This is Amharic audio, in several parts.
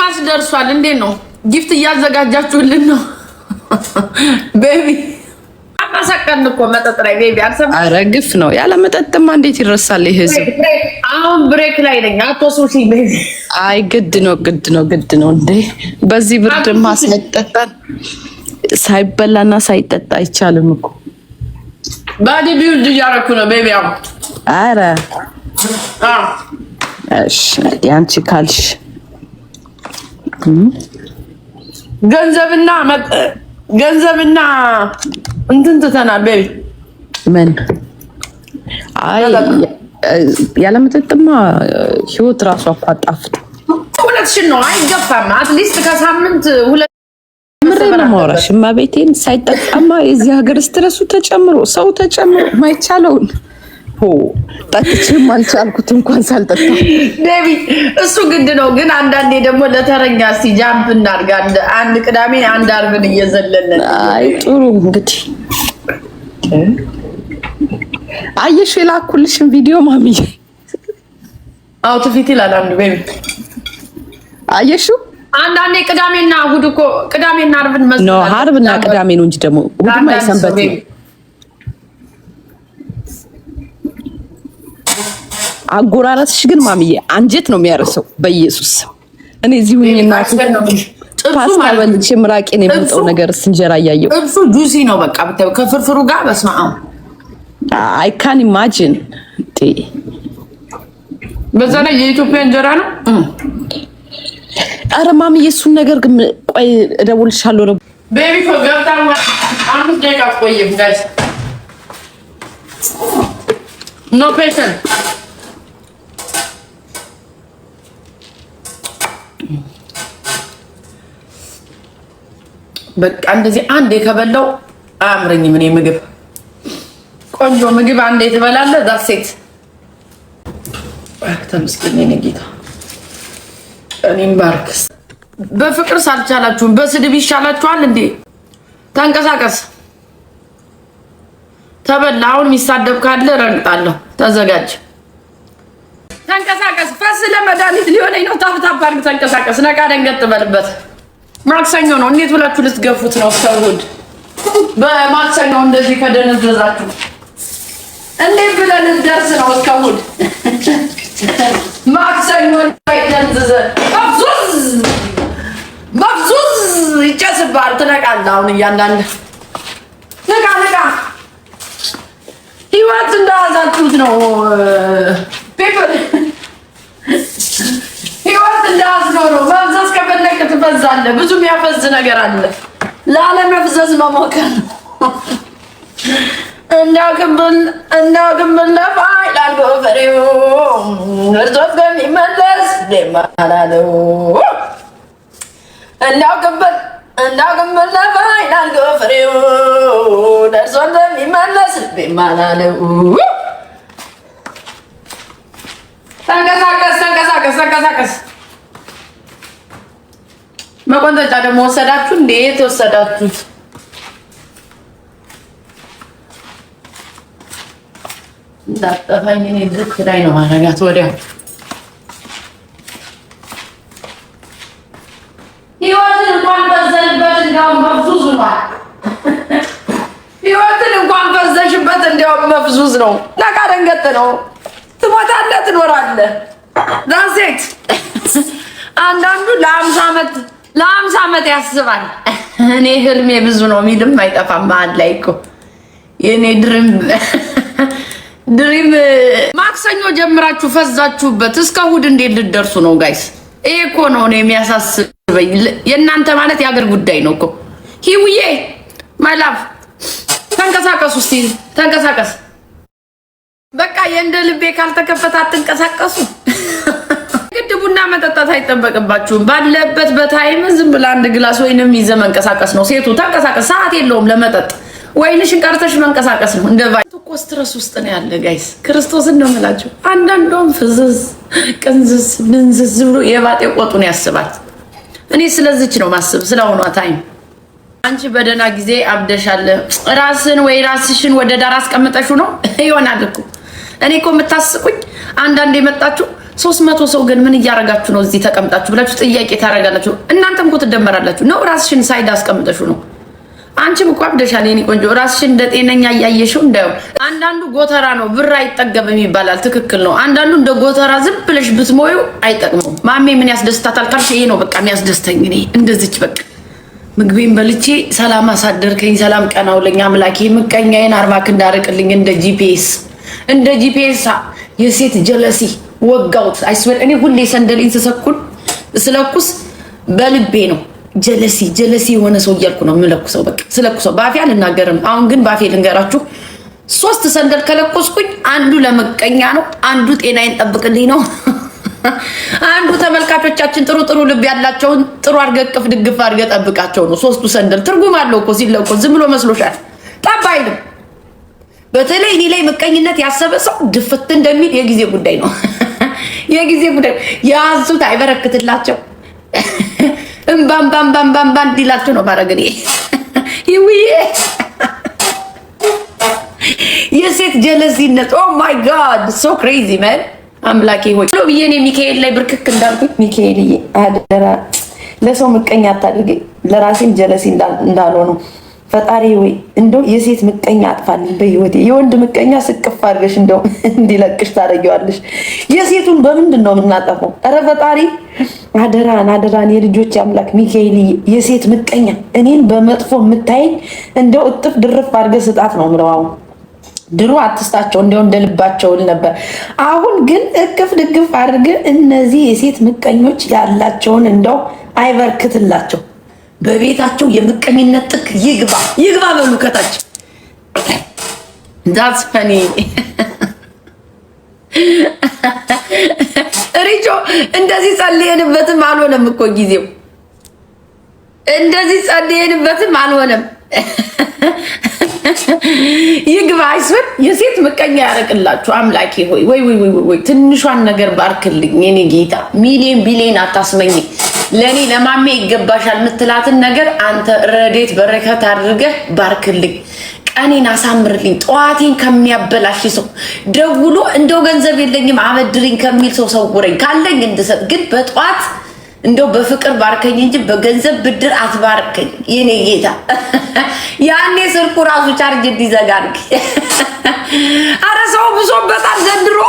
ክርስማስ ደርሷል። እንዴ ነው? ጊፍት እያዘጋጃችሁልን ነው? ቤቢ አማሳቀን እኮ መጠጥ ላይ ቤቢ አልሰማ። ኧረ ግፍ ነው ያለ መጠጥማ እንዴት ይረሳል? ይህ ህዝብ አሁን ብሬክ ላይ ነኝ። አቶ ሱሲ ቤቢ አይ ግድ ነው ግድ ነው ግድ ነው እንዴ! በዚህ ብርድማ ሳይጠጣን ሳይበላና ሳይጠጣ አይቻልም እኮ ባዲ ቢውልድ እያረኩ ነው ቤቢ። አሁን አረ እሺ፣ ያንቺ ካልሽ ገንዘብና ገንዘብና እንትን ትተናል። ቤቢ ምን ያለምትጥማ ያለምጥጥማ ህይወት ራሱ አጣፍጥ ሁለትሽን ነው አይገባም። አትሊስት ከሳምንት ሁለት ምሬ ነው ማውራሽ እማቤቴን ሳይጠጣማ የዚህ ሀገር ስትረሱ ተጨምሮ ሰው ተጨምሮ ማይቻለውን ጠጥቼም አልቻልኩት እንኳን ሳልጠጣ ዴቢ እሱ ግድ ነው። ግን አንዳንዴ ደግሞ ለተረኛ እስኪ ጃምፕ እናድርግ። አንድ ቅዳሜ አንድ አርብን እየዘለለን አይ ጥሩ እንግዲህ አየሽ የላኩልሽን ቪዲዮ ማሚ አዎ ትፊት ይላል አንዱ ቤቢ አየሹ አንዳንዴ ቅዳሜና እሑድ እኮ ቅዳሜና አርብን መስ ኖ አርብና ቅዳሜ ነው እንጂ ደግሞ እሑድማ የሰንበት ነው አጎራረስሽ ግን ማምዬ አንጀት ነው የሚያረሰው። በኢየሱስ እኔ እዚህ ሁኝና ፓስታ በልቼ ምራቄን የምጠው ነገር እንጀራ እያየው ጥብሱ ጁሲ ነው በቃ ብታዪው ከፍርፍሩ ጋር በስማ አይ ካን ኢማጂን። በዛ ላይ የኢትዮጵያ እንጀራ ነው። አረ ማምዬ እሱን ነገር ግን ቆይ እደውልልሻለሁ ነው ቤቢ ገብታ አምስት ደቂቃ ቆይም ጋይስ ኖ ፔሽንት በቃ እንደዚህ አንዴ ከበላው አያምረኝም። እኔ ምግብ ቆንጆ ምግብ አንዴ ትበላለህ። ዛሴት ተመስገን የእኔ ጌታ፣ እኔም ባርክስ። በፍቅር ሳልቻላችሁም በስድብ ይሻላችኋል እንዴ? ተንቀሳቀስ፣ ተበላ። አሁን የሚሳደብ ካለ ረግጣለሁ። ተዘጋጅ። ስለ መድኃኒት ሊሆነኝ ነው። ታፍታፍ አድርግ ተንቀሳቀስ። ነቃ ደንገጥ በልበት። ማክሰኞ ነው። እንዴት ብላችሁ ልትገፉት ነው? ሰውድ በማክሰኞ እንደዚህ ከደነዘዛችሁ እንዴት ብለን እንደርስ ነው? እስከሁን ማክሰኞ ይደንዝዘ መብዙዝ መብዙዝ ይጨስባል። ትነቃለህ። አሁን እያንዳንድ ነቃ ነቃ ህይወት እንዳያዛችሁት ነው ፔፐር ህይወት እንዳያስኖረው መፍዘዝ ከፈለክ ትፈዛለህ። ብዙ የሚያፈዝ ነገር አለ። ላለመፍዘዝ መሞከር ነፋ ለፋይ ላልጎፈሬው እርሶት በሚመለስ ደማላለው ማላለው እንዳውቅብን ነፋ ለፋይ ላልጎፈሬው ደርሶ በሚመለስ ደማላለው ተንቀሳቀስ ተንቀሳቀስ ተንቀሳቀስ። መቆንጠጫ ደግሞ ወሰዳችሁ እንዴ? የት ወሰዳችሁት? እንዳጠፋኝ እኔ ልክ ላይ ነው ማረጋት ወዲያው እንኳን ፈዘንበት እንዲያውም መፍዙዝ ነው። ህይወትን እንኳን ፈዘሽበት እንዲያውም መፍዙዝ ነው። ነቃ ደንገጥ ነው። ትሞታለህ፣ ትኖራለህ። ዛሴት አንዳንዱ ለአምሳ ዓመት ለአምሳ ዓመት ያስባል። እኔ ህልሜ ብዙ ነው የሚልም አይጠፋም። መሀል ላይ እኮ የእኔ ድሪም ድሪም ማክሰኞ ጀምራችሁ ፈዛችሁበት እስከ እሑድ እንዴት ልደርሱ ነው ጋይስ? ይሄ እኮ ነው እኔ የሚያሳስበኝ። የእናንተ ማለት የአገር ጉዳይ ነው እኮ ሂውዬ ማይ ተንቀሳቀሱ እስቲ ተንቀሳቀስ በቃ የእንደ ልቤ ካልተከፈተ አትንቀሳቀሱ። ግድ ቡና መጠጣት አይጠበቅባችሁም። ባለበት በታይም ዝም ብላ አንድ ግላስ ወይንም ይዘ መንቀሳቀስ ነው። ሴቱ ተንቀሳቀስ፣ ሰዓት የለውም ለመጠጥ። ወይንሽን ቀርተሽ መንቀሳቀስ ነው። እንደ ቫይ እኮ ስትረስ ውስጥ ነው ያለ ጋይስ፣ ክርስቶስን ነው የምላቸው። አንዳንዷም ፍዝዝ ቅንዝዝ ምንዝዝ ብሎ የባጤ ቆጡን ያስባል። እኔ ስለዚች ነው ማስብ ስለሆኗ ታይም አንቺ በደህና ጊዜ አብደሻለ። ራስን ወይ ራስሽን ወደ ዳር አስቀምጠሹ ነው ይሆናል እኮ እኔ እኮ የምታስቁኝ አንዳንድ የመጣችሁ ሶስት መቶ ሰው ግን ምን እያረጋችሁ ነው እዚህ ተቀምጣችሁ ብላችሁ ጥያቄ ታደርጋላችሁ። እናንተም እኮ ትደመራላችሁ ነው። ራስሽን ሳይድ አስቀምጠሹ ነው። አንቺም እኮ አብደሻል የኔ ቆንጆ። ራስሽን እንደ ጤነኛ እያየሽው እንዳየው። አንዳንዱ ጎተራ ነው ብር አይጠገብም ይባላል። ትክክል ነው። አንዳንዱ እንደ ጎተራ ዝም ብለሽ ብትሞዩ አይጠቅመው። ማሜ ምን ያስደስታታል ካልሽ ይሄ ነው በቃ የሚያስደስተኝ። እኔ እንደዚች በቃ ምግቤን በልቼ ሰላም አሳደርከኝ፣ ሰላም ቀናውለኝ አምላኬ፣ ምቀኛዬን አርማክ ክንድ እንደ ጂፒኤስ እንደ ጂፒኤስ የሴት ጀለሲ ወጋውት አይስበር። እኔ ሁሌ ሰንደሌን ስሰኩን ስለኩስ በልቤ ነው። ጀለሲ ጀለሲ የሆነ ሰው እያልኩ ነው የምለኩሰው። በቃ ስለኩሰው በአፌ አልናገርም። አሁን ግን በአፌ ልንገራችሁ። ሶስት ሰንደል ከለኮስኩኝ አንዱ ለመቀኛ ነው፣ አንዱ ጤናዬን ጠብቅልኝ ነው፣ አንዱ ተመልካቾቻችን ጥሩ ጥሩ ልብ ያላቸውን ጥሩ አድርገ እቅፍ ድግፍ አድርገ ጠብቃቸው ነው። ሶስቱ ሰንደል ትርጉም አለው እኮ ሲለኮስ ዝም ብሎ መስሎሻል? ጠብ አይልም። በተለይ እኔ ላይ ምቀኝነት ያሰበ ሰው ድፍት እንደሚል የጊዜ ጉዳይ ነው። የጊዜ ጉዳይ ያዙት አይበረክትላቸው እምባም ባም ባም ባም ባም እንዲላቸው ነው ማድረግ እኔ ይውዬ የሴት ጀለሲነት ኦ ማይ ጋድ ሶ ክሬዚ መን አምላኬ ሆይ ሎ ብዬ እኔ ሚካኤል ላይ ብርክክ እንዳልኩኝ ሚካኤል አደራ ለሰው ምቀኛ አታድርገኝ፣ ለራሴም ጀለሲ እንዳልሆነው ፈጣሪ ወይ እንደው የሴት ምቀኛ አጥፋልኝ በህይወቴ። የወንድ ምቀኛ ስቅፍ አድርገሽ እንደው እንዲለቅሽ ታደርጊዋለሽ። የሴቱን በምንድን ነው የምናጠፈው? ኧረ ፈጣሪ አደራን አደራን፣ የልጆች አምላክ ሚካኤል፣ የሴት ምቀኛ እኔን በመጥፎ የምታየኝ እንደው እጥፍ ድርፍ አድርገ ስጣት ነው የምለው ድሮ አትስታቸው እንዲያው እንደልባቸው ነበር። አሁን ግን እቅፍ ድግፍ አድርገ እነዚህ የሴት ምቀኞች ያላቸውን እንደው አይበርክትላቸው። በቤታቸው የምቀኝነት ጥክ ይግባ ይግባ በሉ ከታች ዳትስ ፈኒ ሪጆ እንደዚህ ጸልየንበትም አልሆነም እኮ ጊዜው እንደዚህ ጸልየንበትም አልሆነም። ይግባ አይስበር የሴት ምቀኛ ያረቅላችሁ። አምላኬ ሆይ ወይ ወይ ወይ ወይ ትንሿን ነገር ባርክልኝ። የኔ ጌታ ሚሊዮን ቢሊዮን አታስመኝ። ለእኔ ለማሜ ይገባሻል የምትላትን ነገር አንተ ረዴት በረከት አድርገህ ባርክልኝ። ቀኔን አሳምርልኝ። ጠዋቴን ከሚያበላሽ ሰው ደውሎ እንደው ገንዘብ የለኝም አበድሪኝ ከሚል ሰው ሰውረኝ፣ ካለኝ እንድሰጥ ግን በጠዋት እንደው በፍቅር ባርከኝ እንጂ በገንዘብ ብድር አትባርከኝ የኔ ጌታ። ያኔ ስልኩ ራሱ ቻርጅ እንዲዘጋ አረ ሰው ብሶበታል ዘንድሮ፣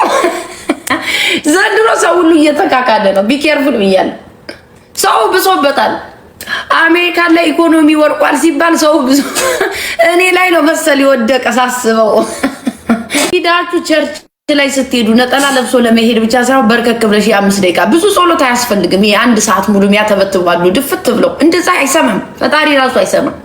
ዘንድሮ ሰው ሁሉ እየተካካደ ነው። ቢኬርፉል ብያለሁ። ሰው ብሶበታል። አሜሪካን ላይ ኢኮኖሚ ወርቋል ሲባል ሰው ብዙ እኔ ላይ ነው መሰል የወደቀ ሳስበው ሂዳችሁ ቸርች ላይ ስትሄዱ ነጠላ ለብሶ ለመሄድ ብቻ ሳይሆን በርከክ ብለሽ የአምስት ደቂቃ ብዙ ጸሎት አያስፈልግም። ይሄ አንድ ሰዓት ሙሉ ያተበትባሉ ድፍት ብለው እንደዛ አይሰማም ፈጣሪ ራሱ አይሰማም።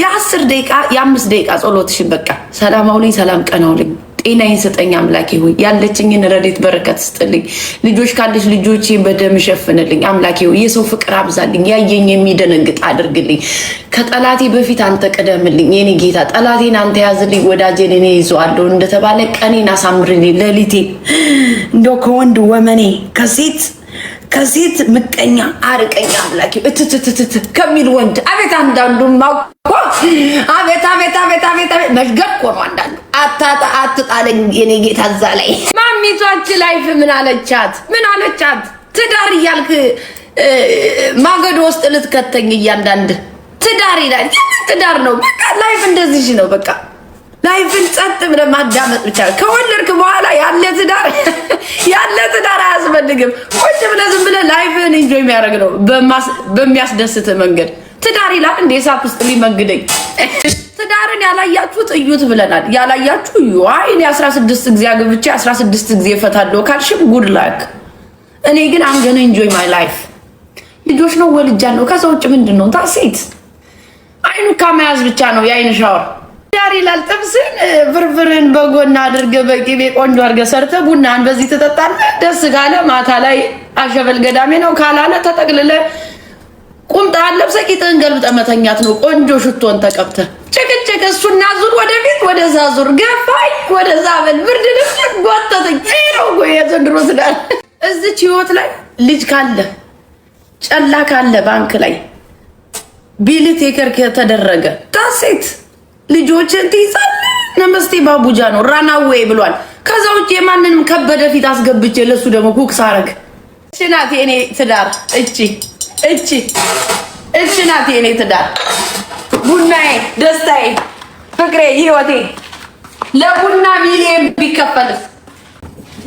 የአስር ደቂቃ የአምስት ደቂቃ ጸሎትሽን በቃ ሰላም አውልኝ፣ ሰላም ቀን አውልኝ ጤና ይሰጠኝ አምላኬ ሆይ፣ ያለችኝን ረዴት በረከት ስጥልኝ። ልጆች ካለች ልጆቼ በደም ሸፍንልኝ አምላኬ ሆይ። የሰው ፍቅር አብዛልኝ፣ ያየኝ የሚደነግጥ አድርግልኝ። ከጠላቴ በፊት አንተ ቅደምልኝ የኔ ጌታ። ጠላቴን አንተ ያዝልኝ፣ ወዳጄን እኔ ይዘዋለሁ እንደተባለ ቀኔን አሳምርልኝ፣ ሌሊቴ እንደው ከወንድ ወመኔ ከሴት ከሴት ምቀኛ አርቀኛ አምላኬ እትትትትት ከሚል ወንድ አቤት አንዳንዱ ማኳ አቤት አቤት አቤት አቤት አቤት እኮ ነው አንዳንዱ አትጣለኝ የኔ ጌታ። እዛ ላይ ማሚቷች ላይፍ ምን አለቻት? ምን አለቻት? ትዳር እያልክ ማገዶ ውስጥ ልትከተኝ እያንዳንድ ትዳር ይላል። ትዳር ነው በቃ። ላይፍ እንደዚህ ነው በቃ። ላይፍን ጸጥ ብለህ ማዳመጥ ብቻ። ከወለድክ በኋላ ያለ ትዳር ያለ ትዳር አያስፈልግም። ቁጭ ብለህ ዝም ብለህ ላይፍን ኢንጆይ የሚያደርግ ነው በሚያስደስት መንገድ ትዳር ይላል እንዴ ሳፍ ውስጥ ሊመግደኝ ትዳርን ያላያችሁት እዩት ብለናል። ያላያችሁ እዩ። አይ እኔ 16 ጊዜ አገብቼ 16 ጊዜ እፈታለሁ ካልሽም ጉድ ላክ። እኔ ግን አምገነ ኢንጆይ ማይ ላይፍ ልጆች ነው ወልጃለሁ። ከዛ ውጭ ምንድን ነው ታሴት አይኑ ከመያዝ ብቻ ነው የአይን ሻወር ዳር ይላል። ጥብስን ፍርፍርን አድርገ በቂቤ ቆንጆ አድርገ ሰርተ ቡናን በዚህ ትጠጣለ። ደስ ካለ ማታ ላይ አሸበል ገዳሜ ነው ካላለ ተጠቅልለ ቁምጣህን ለብሰህ ቂጥህን ገልብጠ መተኛት ነው። ቆንጆ ሽቶን ተቀብተ ጭቅጭቅ እሱና ዙር ወደፊት ወደዛ ዙር ገፋኝ ወደዛ በል ብርድ ልብስ ጓተተኝ ነው የዘንድሮ ስዳል እዚች ህይወት ላይ ልጅ ካለ ጨላ ካለ ባንክ ላይ ቢል ቴከር ከተደረገ ታሴት ልጆችን ትይዛለህ። ነመስቴ ባቡጃ ነው ራናዌ ብሏል። ከዛ ውጭ የማንንም ከበደ ፊት አስገብቼ ለሱ ደግሞ ኩክ ሳረግ ሽናት የኔ ትዳር እቺ እቺ እቺ ናት የኔ ትዳር፣ ቡናዬ፣ ደስታዬ፣ ፍቅሬ፣ ህይወቴ። ለቡና ሚሊየን ቢከፈልስ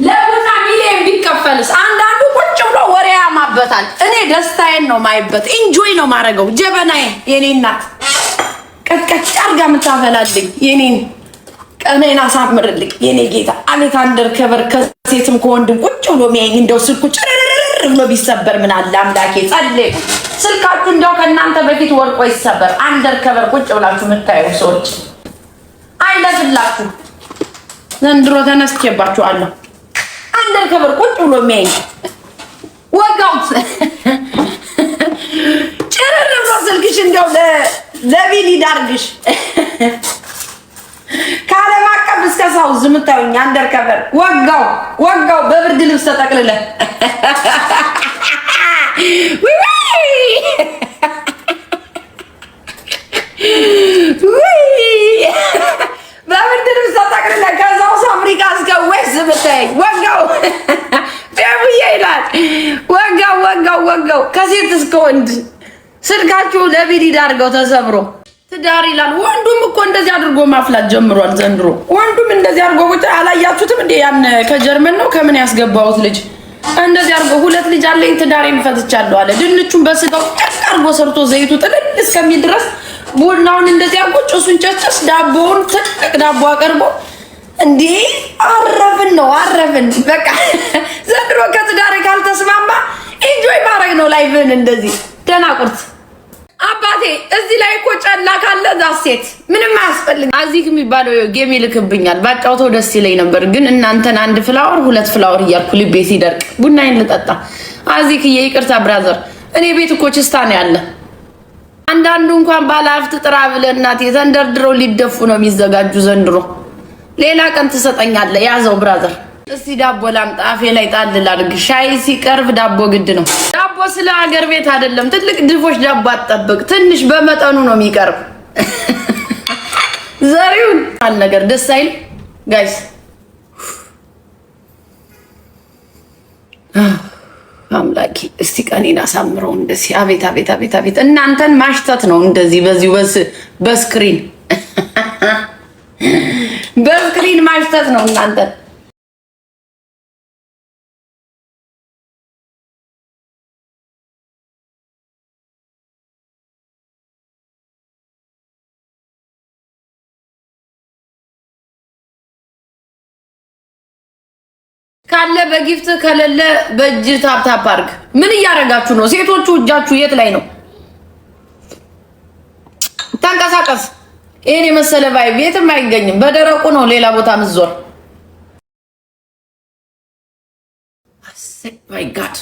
ለቡና ሚሊየን ቢከፈልስ፣ አንዳንዱ ቁጭ ብሎ ወሬ ያማበታል። እኔ ደስታዬን ነው ማይበት፣ ኢንጆይ ነው ማረገው። ጀበናዬ የኔ እናት ቀጥቀጭ አርጋ ምታፈላልኝ የኔን ቀኔን አሳምርልኝ የኔ ጌታ። አቤት አንደር ከበር ከሴትም ከወንድም ቁጭ ብሎ የሚያየኝ እንደው ስልኩ ጭርር ቅር ብሎ ቢሰበር ምን አለ አምላኬ። ጸልይ ስልካችሁ እንደው ከእናንተ በፊት ወርቆ ይሰበር። አንደር ከበር ቁጭ ብላችሁ የምታየው ሰዎች አይለፍላችሁ። ዘንድሮ ተነስቼባችኋለሁ። አንደር ከበር ቁጭ ብሎ የሚያይ ወጋው ጭርር ብሎ ስልክሽ እንደው ለቢል ይዳርግሽ። ከሳው ዝምታዩኝ አንደር ከበር ወጋው ወጋው በብርድ ልብስ ተጠቅልለ በብርድ ልብስ ተጠቅልለ ከዛው አፍሪካ እስከ ዌስት ዝምታየኝ ወጋው ብዬ ይላል። ወጋው ወጋው ወጋው ከሴት እስከ ወንድ ስልካችሁ ለቢዲድ አድርገው ተሰብሮ ትዳር ይላል። ወንዱም እኮ እንደዚህ አድርጎ ማፍላት ጀምሯል ዘንድሮ። ወንዱም እንደዚህ አድርጎ ቁጭ አላያችሁትም እንዴ? ያን ከጀርመን ነው ከምን ያስገባሁት ልጅ እንደዚህ አድርጎ ሁለት ልጅ አለኝ ትዳሬን ፈትቻለሁ አለ። ድንቹን በስጋው ቀቅ አድርጎ ሰርቶ ዘይቱ ጥልል እስከሚል ድረስ ቡናውን እንደዚህ አድርጎ ጭሱን ጨጨስ ዳቦውን ትልቅ ዳቦ አቀርቦ እንዴ አረፍን ነው አረፍን። በቃ ዘንድሮ ከትዳሬ ካልተስማማ ኢንጆይ ማድረግ ነው ላይፍን። እንደዚህ ደናቁርት አባቴ እዚህ ላይ እኮ ጨላ ካለ ዛ ሴት ምንም አያስፈልግ። አዚክ የሚባለው ጌም ይልክብኛል ባጫውተው ደስ ይለኝ ነበር፣ ግን እናንተን አንድ ፍላወር ሁለት ፍላወር እያልኩ ልቤ ሲደርቅ ቡናዬን ልጠጣ። አዚክ የይቅርታ ብራዘር፣ እኔ ቤት እኮ ችስታ ነው ያለ። አንዳንዱ እንኳን ባለሀብት ጥራ ብለ እናቴ ተንደርድረው ሊደፉ ነው የሚዘጋጁ ዘንድሮ። ሌላ ቀን ትሰጠኛለ። ያዘው ብራዘር እስቲ ዳቦ ላምጣ፣ አፌ ላይ ጣል ላድርግ። ሻይ ሲቀርብ ዳቦ ግድ ነው። ዳቦ ስለ ሀገር ቤት አይደለም። ትልቅ ድፎች ዳቦ አትጠብቅ፣ ትንሽ በመጠኑ ነው የሚቀርብ። ዘሪውን አል ነገር ደስ አይል ጋይስ አምላኬ እስቲ ቀኔን አሳምረው። እንደዚህ አቤት አቤት አቤት አቤት! እናንተን ማሽተት ነው እንደዚህ በዚሁ በስ በስክሪን በስክሪን ማሽተት ነው እናንተን ካለ በጊፍት ከሌለ በእጅ ታፕታፕ አድርግ። ምን እያደረጋችሁ ነው ሴቶቹ? እጃችሁ የት ላይ ነው? ተንቀሳቀስ። ይህን የመሰለ ቫይብ የትም አይገኝም። በደረቁ ነው ሌላ ቦታ ምዞር። ማይ ጋድ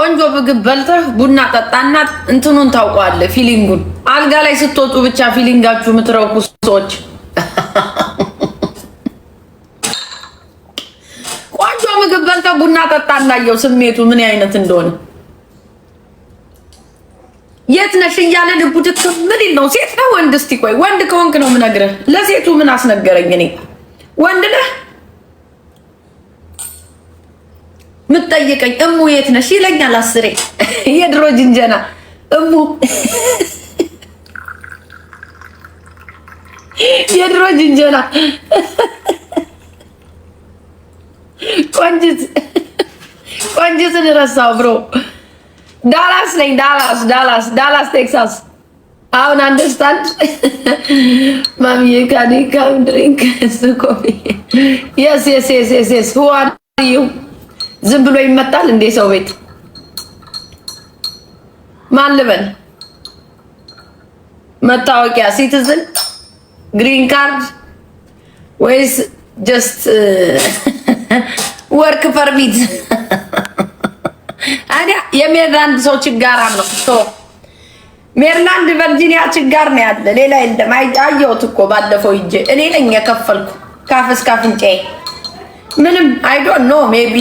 ቆንጆ ምግብ በልተህ ቡና ጠጣና እንትኑን ታውቀዋለህ፣ ፊሊንጉን። አልጋ ላይ ስትወጡ ብቻ ፊሊንጋችሁ የምትረኩ ሰዎች ቡና ጠጣ አላየው ስሜቱ ምን አይነት እንደሆነ የት ነሽ እያለ ልቡ ድክ ምን ነው። ሴት ነው ወንድ? እስቲ ቆይ ወንድ ከሆንክ ነው የምነግርህ። ለሴቱ ምን አስነገረኝ እኔ ወንድ ነህ ምትጠይቀኝ እሙ የት ነሽ ይለኛል። አስሬ የድሮ ጅንጀና እሙ የድሮ ጅንጀና ቆንጅት ቆንጅትን ረሳው ብሮ ዳላስ ነኝ። ዳላስ ዳላስ ዳላስ ቴክሳስ። አሁን አንደርስታንድ ማሚ ካኒ ካም ድሪንክ ስኮፊ የስ የስ የስ የስ የስ ሁ ዩ። ዝም ብሎ ይመጣል እንዴ ሰው ቤት ማን ልበል? መታወቂያ ሲቲዝን ግሪን ካርድ ወይስ ጀስት ወርክ ፐርሚት አዲያ የሜሪላንድ ሰው ችጋር አለው ሜሪላንድ ቨርጂኒያ ችጋር ነው ያለ ሌላ የለም። አየሁት እኮ ባለፈው ሂጅ እኔ ነኝ የከፈልኩ ካፍ እስከ አፍንጫዬ ምንም አይ ዶንት ኖ ሜቢ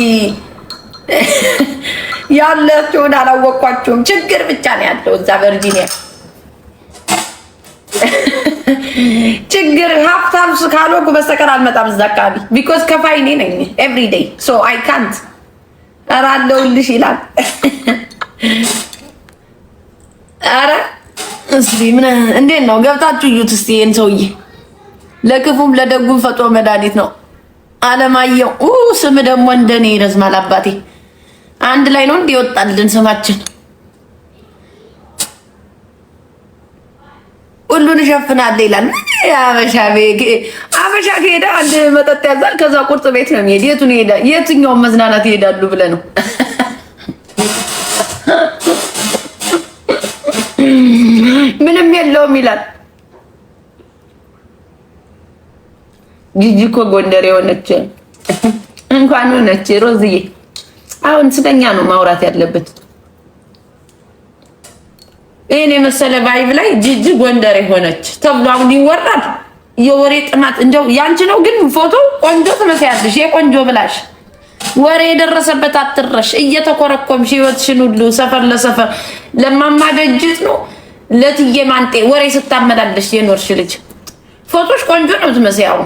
ያለችውን አላወቅኳችሁም። ችግር ብቻ ነው ያለው እዛ ቨርጂኒያ ችግር ሀብታም ካልሆንኩ በስተቀር አልመጣም እዛ አካባቢ። ቢኮዝ ከፋይ እኔ ነኝ ኤቭሪ ዴይ ሶ አይ ካንት ኧረ አለሁልሽ ይላል። ኧረ እስኪ ምን እንዴት ነው ገብታችሁ እዩት እስኪ ይሄን ሰውዬ። ለክፉም ለደጉም ፈጥሮ መድኃኒት ነው አለማየሁ። ስም ደግሞ እንደኔ ይረዝማል አባቴ። አንድ ላይ ነው እንዲወጣልን ስማችን ሁሉን እሸፍናለሁ ይላል። አበሻ አበሻ ከሄደ አንድ መጠጥ ያዛል፣ ከዛ ቁርጥ ቤት ነው የሚሄድ። የቱን ሄደ የትኛውን መዝናናት ይሄዳሉ ብለህ ነው? ምንም የለውም ይላል። ጂጂ እኮ ጎንደር የሆነች እንኳን ሆነች ሮዝዬ። አሁን ስለኛ ነው ማውራት ያለበት። ይህን የመሰለ ባይብ ላይ ጅጅ ጎንደር የሆነች ተብሎ አሁን ይወራል። የወሬ ጥማት እንደው ያንቺ ነው፣ ግን ፎቶ ቆንጆ ትመስያለሽ። የቆንጆ ብላሽ ወሬ የደረሰበት አትረሽ እየተኮረኮምሽ ህይወትሽን ሁሉ ሰፈር ለሰፈር ለማማደጅት ነው ለትዬ ማንጤ ወሬ ስታመላለሽ የኖርሽ ልጅ ፎቶሽ ቆንጆ ነው ትመስያው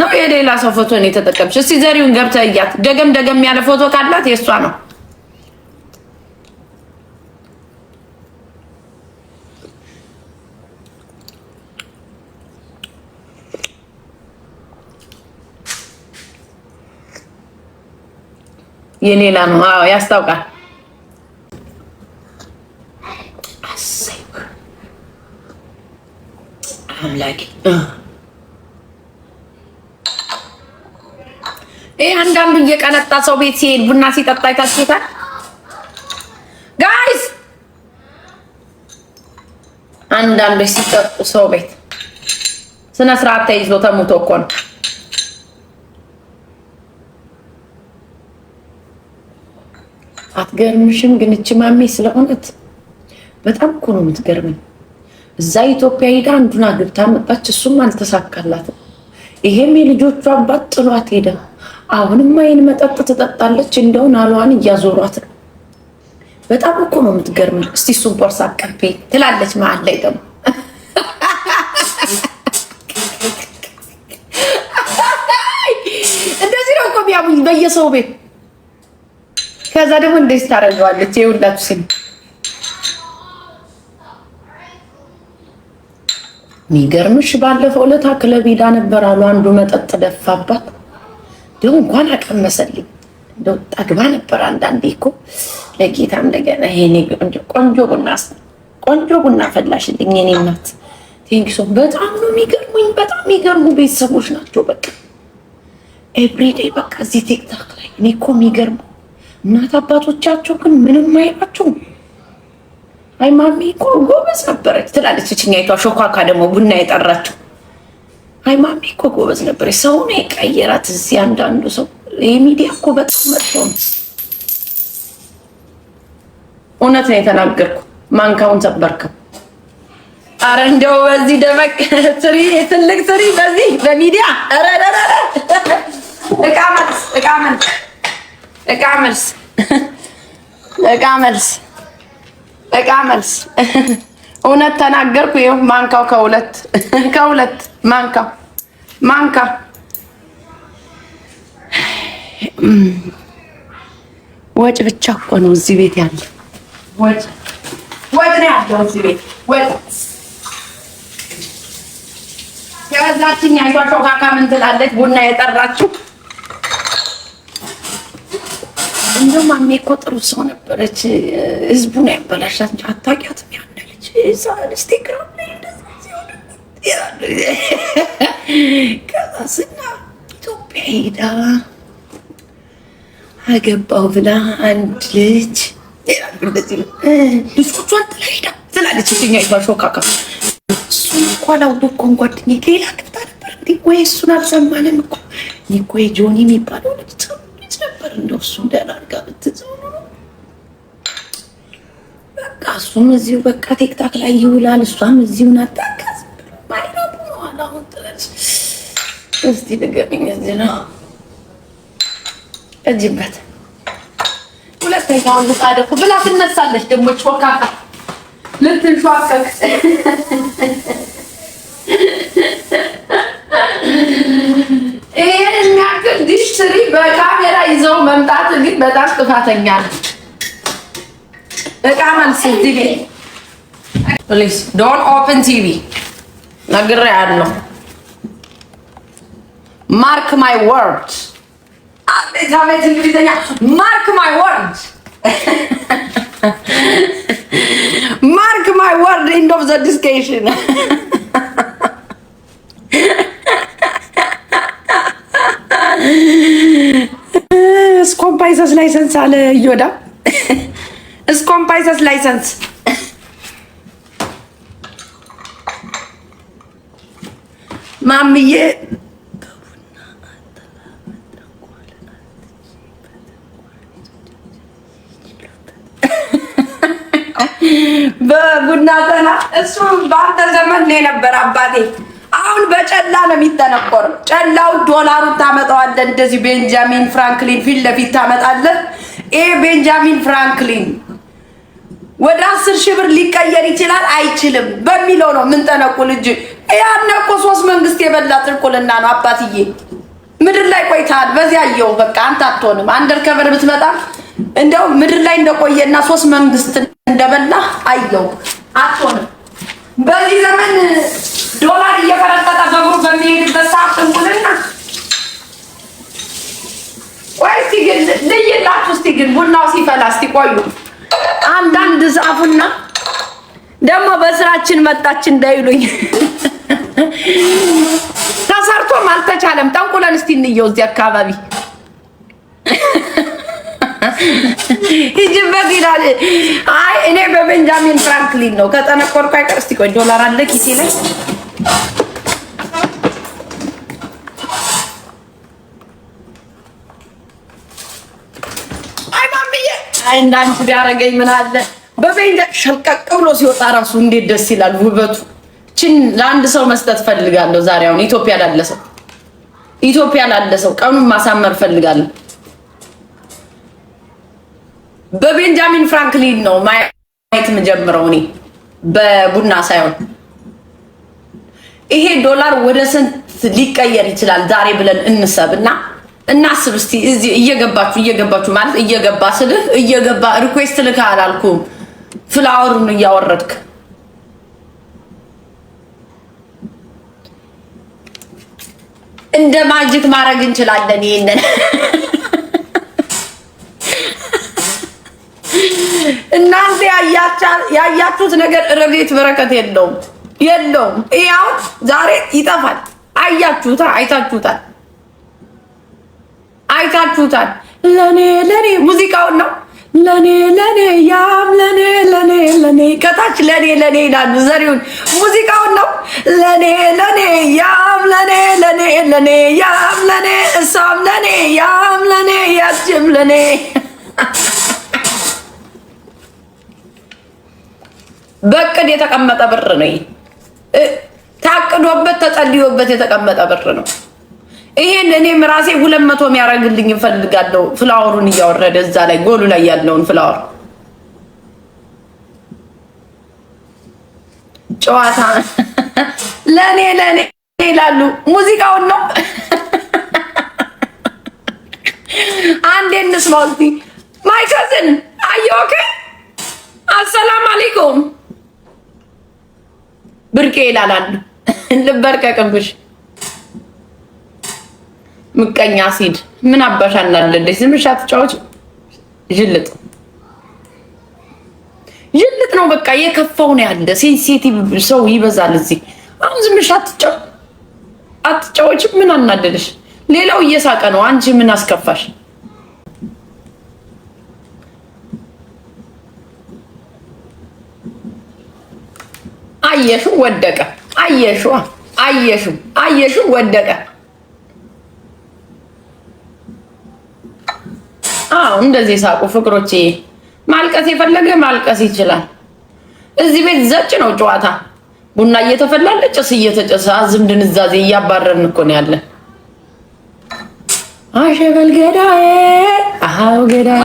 ነው የሌላ ሰው ፎቶ ነው የተጠቀምሽ። እስቲ ዘሪውን ገብተህ እያት። ደገም ደገም ያለ ፎቶ ካላት የእሷ ነው። የሌላ ነው። አዎ ያስታውቃል። አምላኬ ይሄ አንዳንዱ እየቀነጣ ሰው ቤት ሲሄድ ቡና ሲጠጣ ይታችሁታል ጋይስ። አንዳንዶች ሲጠጡ ሰው ቤት ስነ ስርዓት ተይዞ ተሙቶ እኮ ነው። አትገርምሽም? ግን እች ማሜ ስለሆነት በጣም እኮ ነው የምትገርመኝ። እዛ ኢትዮጵያ ሄዳ አንዱን አግብታ መጣች፣ እሱም አልተሳካላትም። ይሄም የልጆቹ አባት ጥሏት ሄደ። አሁንም አይን መጠጥ ትጠጣለች። እንደው ናሏን እያዞሯት ነው። በጣም እኮ ነው የምትገርመኝ። እስቲ እሱን ቦርሳ አቀቤ ትላለች። መሀል ላይ ደግሞ እንደዚህ ነው እኮ የሚያሙኝ በየሰው ቤት ከዛ ደግሞ እንደዚህ ታደርገዋለች። ይኸውላችሁ ሲል ሚገርምሽ ባለፈው ዕለት ክለብ ሄዳ ነበር አሉ። አንዱ መጠጥ ደፋባት። ደግሞ እንኳን አቀመሰልኝ እንደው ጠግባ ነበር። አንዳንዴ እኮ ለጌታ እንደገና ይሄኔ ቆንጆ ቡና ቆንጆ ቡና ፈላሽልኝ የኔ እናት ቴንኪሶ። በጣም ነው የሚገርሙኝ። በጣም የሚገርሙ ቤተሰቦች ናቸው። በቃ ኤቭሪዴይ በቃ እዚህ ቲክታክ ላይ እኔ እኮ የሚገርሙ እናት አባቶቻቸው ግን ምንም አይላቸው። አይ ማሚ እኮ ጎበዝ ነበረች ትላለች እችኛይቷ ሾኳካ ደግሞ ቡና የጠራችው አይ ማሚ እኮ ጎበዝ ነበረች። ሰውን የቀየራት እዚህ አንዳንዱ ሰው የሚዲያ እኮ በጣም መጥፎ ነው። እውነት ነው የተናገርኩ። ማንካውን ሰበርከው። አረ እንደው በዚህ ደመቅ ትሪ ትልቅ ትሪ በዚህ በሚዲያ ረረረረ እቃመት እቃመት እቃ መልስ እቃ መልስ እቃ መልስ። እውነት ተናገርኩ። ይኸው ማንካው ከሁለት ከሁለት ማንካ ማንካ ወጭ ብቻ እኮ ነው እዚህ ቤት ያለ ወጭ ወጭ ነው ያለው እዚህ ቤት ወጭ። ከዛችኛ ሾካካ ምን ትላለች? ቡና የጠራችው እንደው ማሜ እኮ ጥሩ ሰው ነበረች። ህዝቡን ያበላሻት እንጂ አታውቂያትም። ያለ ልጅ ኢንስታግራም ላይ ከዛ ስና ኢትዮጵያ ሄዳ አገባው ብላ አንድ ልጅ ልጆቿን ጥላ ሄዳ ትላለች። እኛ ይባ ሾካካ እሱ እንኳን አውዶኮን ጓደኛ ሌላ ግብታ ነበር ወይ እሱን አልሰማንም እኮ ኒኮ ጆኒ የሚባለው ልጅ ነበር እንደው እሱ እንዳላርጋ ነው በቃ እሱም እዚሁ በቃ ቴክታክ ላይ ይውላል። እሷም እዚሁ ናት። እስቲ ድገሚኝ። እዚህ ነው እጅበት ሁለተኛውን ልጻደቁ ብላ ትነሳለች። ደግሞ ጮካካ ልትንሸዋቀቅ ይሄን ያክል ዲሽትሪ በካሜራ ይዘው መምጣት ግን በጣም ጥፋተኛ ነው። እቃ መልስ ቲቪ ፕሊዝ ዶን ኦፕን ቲቪ ነግሬ ያለው ማርክ ማይ ወርድ አቤት እንግሊዝኛ ማርክ ማይ ወርድ ማርክ ማይ ወርድ ኢንድ ኦፍ ዘ ዲስከሽን እስኮምፓይሰስ ላይሰንስ አለ እዮዳ እስኮምፓይሰስ ላይሰንስ ማምዬ በቡና ጠና እሱ በአንተ ዘመን ነው የነበር አባቴ አሁን በጨላ ነው የሚጠነቆር። ጨላው ዶላሩ ታመጣዋለ፣ እንደዚህ ቤንጃሚን ፍራንክሊን ፊት ለፊት ታመጣለ። ይሄ ቤንጃሚን ፍራንክሊን ወደ አስር ሺህ ብር ሊቀየር ይችላል አይችልም በሚለው ነው የምንጠነቁል እንጂ ያነ እኮ ሶስት መንግስት የበላ ጥንቁልና ነው አባትዬ። ምድር ላይ ቆይተሃል። በዚህ አየው በቃ አንተ አትሆንም። አንደር ከበር ብትመጣ እንደው ምድር ላይ እንደቆየና ሶስት መንግስት እንደበላ አየው አትሆንም። በዚህ ዘመን ዶላር እየፈረጠጠ በእግሩ በሚሄድበት ሰዓት ጥንቁልና። ቆይ እስኪ ግን ልይላችሁ፣ እስኪ ግን ቡናው ሲፈላ እስኪ ቆዩ። አንዳንድ ዛፉና ደግሞ በስራችን መጣች እንዳይሉኝ ተሰርቶም አልተቻለም። ጠንቁለን እስኪ እንየው እዚህ አካባቢ ሂጅበት ይላል። አይ እኔ በቤንጃሚን ፍራንክሊን ነው ከጠነቆርኩ አይቀር። እስቲ ቆይ ዶላር አለ ኪሴ ላይ እንዳንቺ ቢያደርገኝ ምን አለ በቤንጃ ሸልቀቅ ብሎ ሲወጣ ራሱ እንዴት ደስ ይላል ውበቱ። ችን ለአንድ ሰው መስጠት ፈልጋለሁ ዛሬ። አሁን ኢትዮጵያ ላለ ሰው ኢትዮጵያ ላለ ሰው ቀኑን ማሳመር ፈልጋለሁ። በቤንጃሚን ፍራንክሊን ነው ማየት የምጀምረው እኔ በቡና ሳይሆን። ይሄ ዶላር ወደ ስንት ሊቀየር ይችላል ዛሬ ብለን እንሰብ እና እናስብ እስቲ። እዚህ እየገባችሁ እየገባችሁ ማለት እየገባ ስልህ እየገባ ሪኩዌስት ልካ አላልኩም። ፍላወሩን እያወረድክ እንደ ማጅክ ማድረግ እንችላለን ይሄንን እናንተ ያያችሁት ነገር ረድኤት በረከት የለውም የለውም። ያው ዛሬ ይጠፋል። አያችሁታ፣ አይታችሁታል፣ አይታችሁታል። ለኔ ለኔ ሙዚቃውን ነው ለኔ ለኔ ያም ለኔ ለኔ ለኔ ከታች ለኔ ለኔ ይላሉ። ዘሪው ሙዚቃውን ነው ለኔ ለኔ ያም ለኔ ለኔ ለኔ ያም ለኔ እሷም ለኔ ያም ለኔ ያችም ለኔ በቅድ የተቀመጠ ብር ነው። ታቅዶበት ተጸልዮበት የተቀመጠ ብር ነው። ይሄን እኔም ራሴ ሁለት መቶ የሚያደርግልኝ እፈልጋለሁ። ፍላወሩን እያወረደ እዛ ላይ ጎሉ ላይ ያለውን ፍላወር ጨዋታ ለእኔ ለእኔ ይላሉ። ሙዚቃውን ነው አንዴ እንስማው እስኪ ማይከዝን አየወክ አሰላም አለይኩም ብርቄ ይላላሉ። ልበርቀቅብሽ ምቀኛ ሲድ ምን አባሻ እናለለች። ዝምሻ ትጫዎች ይልጥ ይልጥ ነው በቃ የከፋው ነው ያለ። ሴንሲቲቭ ሰው ይበዛል እዚህ። አሁን ዝምሻ አትጫዎች ምን አናደለሽ ሌላው እየሳቀ ነው። አንቺ ምን አስከፋሽ? አየሹ ወደቀ። አየሹ አየሹ አየሹ ወደቀ። አዎ እንደዚህ ሳቁ ፍቅሮቼ። ማልቀስ የፈለገ ማልቀስ ይችላል። እዚህ ቤት ዘጭ ነው ጨዋታ። ቡና እየተፈላለ ጭስ እየተጨሰ አዝም ድንዛዜ እያባረርን እኮ ነው ያለን። አሸበል ገዳዬ አሃው ገዳ